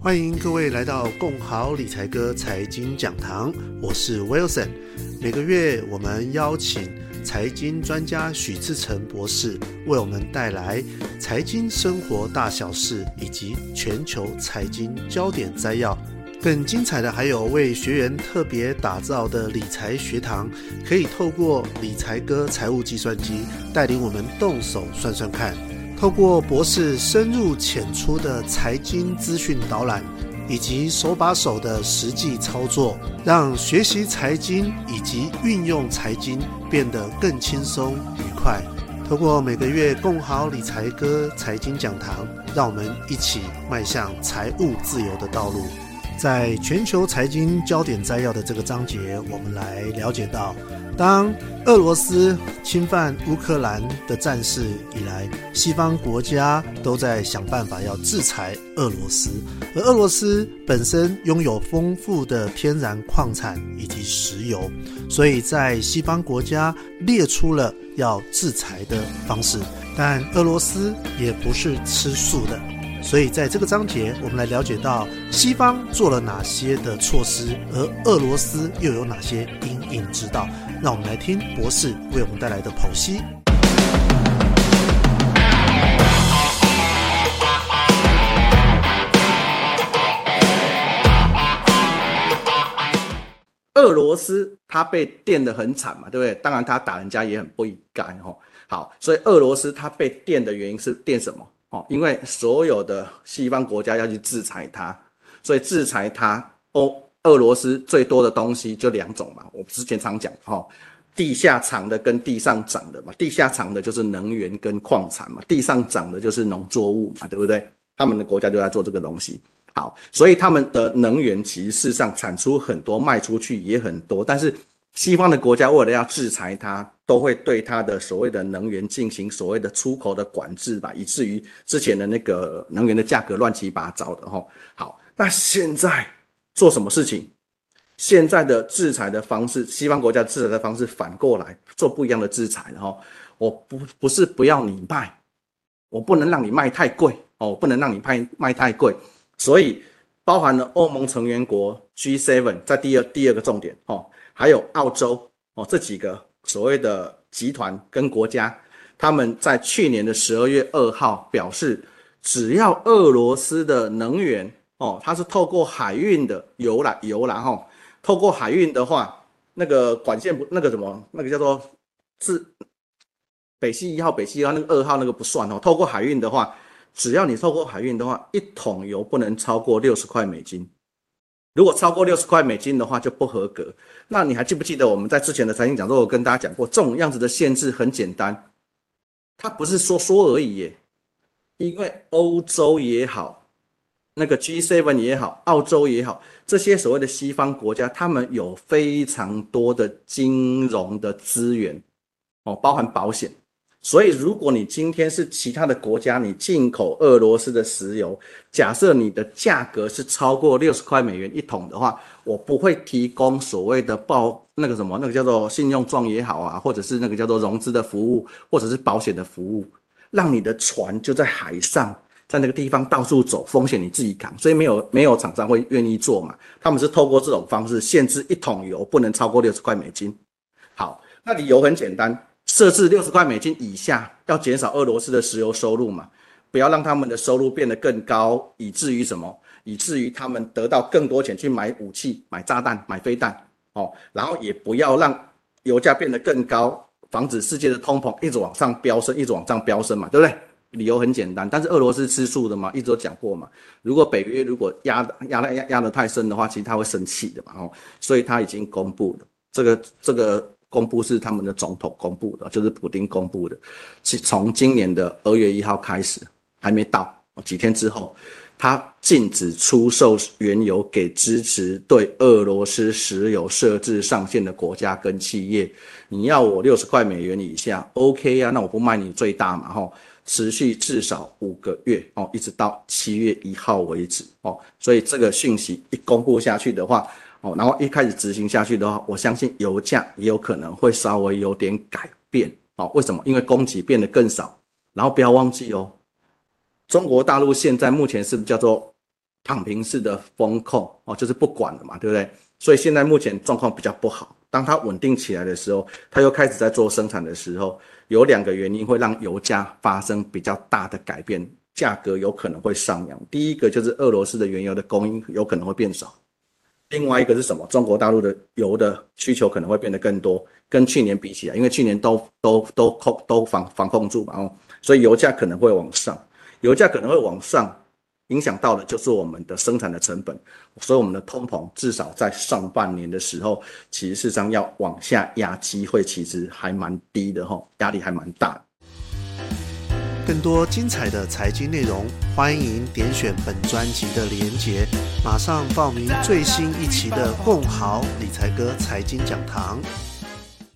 歡迎各位來到共好理財哥財經講堂，我是 Wilson。每個月我們邀請財經專家許志成博士為我們帶來財經生活大小事以及全球財經焦點摘要。更精彩的還有為學員特別打造的理財學堂，可以透過理財哥財務計算機帶領我們動手算算看。透過博士深入淺出的財經資訊導覽，以及手把手的實際操作，讓學習財經以及運用財經變得更輕鬆愉快。透過每個月共好理財鴿財經講堂，讓我們一起邁向財務自由的道路。在全球財經焦點摘要的這個章節，我們來了解到。當俄羅斯侵犯烏克蘭的戰事以來，西方國家都在想辦法要制裁俄羅斯。而俄羅斯本身擁有豐富的天然礦產以及石油，所以在西方國家列出了要制裁的方式。但俄羅斯也不是吃素的，所以在這個章節，我們來了解到西方做了哪些的措施，而俄羅斯又有哪些因應之道。那我們來聽博士為我們帶來的剖析。俄羅斯它被電得很慘嘛，對不對？當然它打人家也很不義感哦。好，所以俄羅斯它被電的原因是電什麼哦？因為所有的西方國家要去制裁它，所以制裁它哦。俄羅斯最多的東西就兩種嘛，我之前常講哈，地下藏的跟地上長的嘛，地下藏的就是能源跟礦產嘛，地上長的就是農作物嘛，對不對？他們的國家就在做這個東西，好，所以他們的能源其實事實上產出很多，賣出去也很多，但是西方的國家為了要制裁它，都會對它的所謂的能源進行所謂的出口的管制吧，以至於之前的那個能源的價格亂七八糟的哈。好，那現在。做什麼事情？現在的制裁的方式，西方國家制裁的方式反過來做不一樣的制裁了哦，我不不是不要你賣，我不能讓你賣太貴哦，不能讓你賣賣太貴。所以包含了歐盟成員國 G7 在第二第二個重點哦，還有澳洲哦這幾個所謂的集團跟國家，他們在去年的十二月二號表示，只要俄羅斯的能源。哦，它是透過海運的油來油來哈。透過海運的話，那個管線不那個什麼，那個叫做是北溪一號，北溪一號那個二號那個不算哦。透過海運的話，只要你透過海運的話，一桶油不能超過六十塊美金。如果超過六十塊美金的話，就不合格。那你還記不記得我們在之前的財經講座，我跟大家講過這種樣子的限制很簡單，它不是說說而已耶，因為歐洲也好。那個 G7 也好，澳洲也好，這些所謂的西方國家，他們有非常多的金融的資源，哦，包含保險。所以，如果你今天是其他的國家，你進口俄羅斯的石油，假設你的價格是超過六十塊美元一桶的話，我不會提供所謂的報，那個什麼，那個叫做信用狀也好啊，或者是那個叫做融資的服務，或者是保險的服務，讓你的船就在海上。在那個地方到處走，風險你自己扛，所以沒有沒有廠商會願意做嘛。他們是透過這種方式限制一桶油不能超過六十塊美金。好，那理由很簡單，設置六十塊美金以下，要減少俄羅斯的石油收入嘛，不要讓他們的收入變得更高，以至於什麼？以至於他們得到更多錢去買武器、買炸彈、買飛彈，哦，然後也不要讓油價變得更高，防止世界的通膨一直往上飆升，一直往上飆升嘛，對不對？理由很簡單，但是俄羅斯吃素的嘛，一直都講過嘛。如果北約如果壓壓壓壓得太深的話，其實他會生氣的嘛吼。所以他已經公布了，這個這個公布是他們的總統公布的，就是普丁公布的。是從今年的二月一號開始，還沒到幾天之後，他禁止出售原油給支持對俄羅斯石油設置上限的國家跟企業。你要我六十塊美元以下，OK 呀、啊？那我不賣你最大嘛吼。齁持續至少五個月哦，一直到七月一號為止哦。所以這個訊息一公布下去的話哦，然後一開始執行下去的話，我相信油價也有可能會稍微有點改變哦。為什麼？因為供給變得更少。然後不要忘記哦，中國大陸現在目前是不是叫做躺平式的封控哦，就是不管了嘛，對不對？所以現在目前狀況比較不好。當它穩定起來的時候，它又開始在做生產的時候，有兩個原因會讓油價發生比較大的改變，價格有可能會上揚。第一個就是俄羅斯的原油的供應有可能會變少，另外一個是什麼？中國大陸的油的需求可能會變得更多，跟去年比起來，因為去年都都都控都防防控住嘛，哦，所以油價可能會往上，油價可能會往上。影響到的就是我們的生產的成本，所以我們的通膨至少在上半年的時候，其實事實上要往下壓機會其實還蠻低的吼，壓力還蠻大。更多精彩的財經內容，歡迎點選本專輯的連結，馬上報名最新一期的共好理財鴿財經講堂。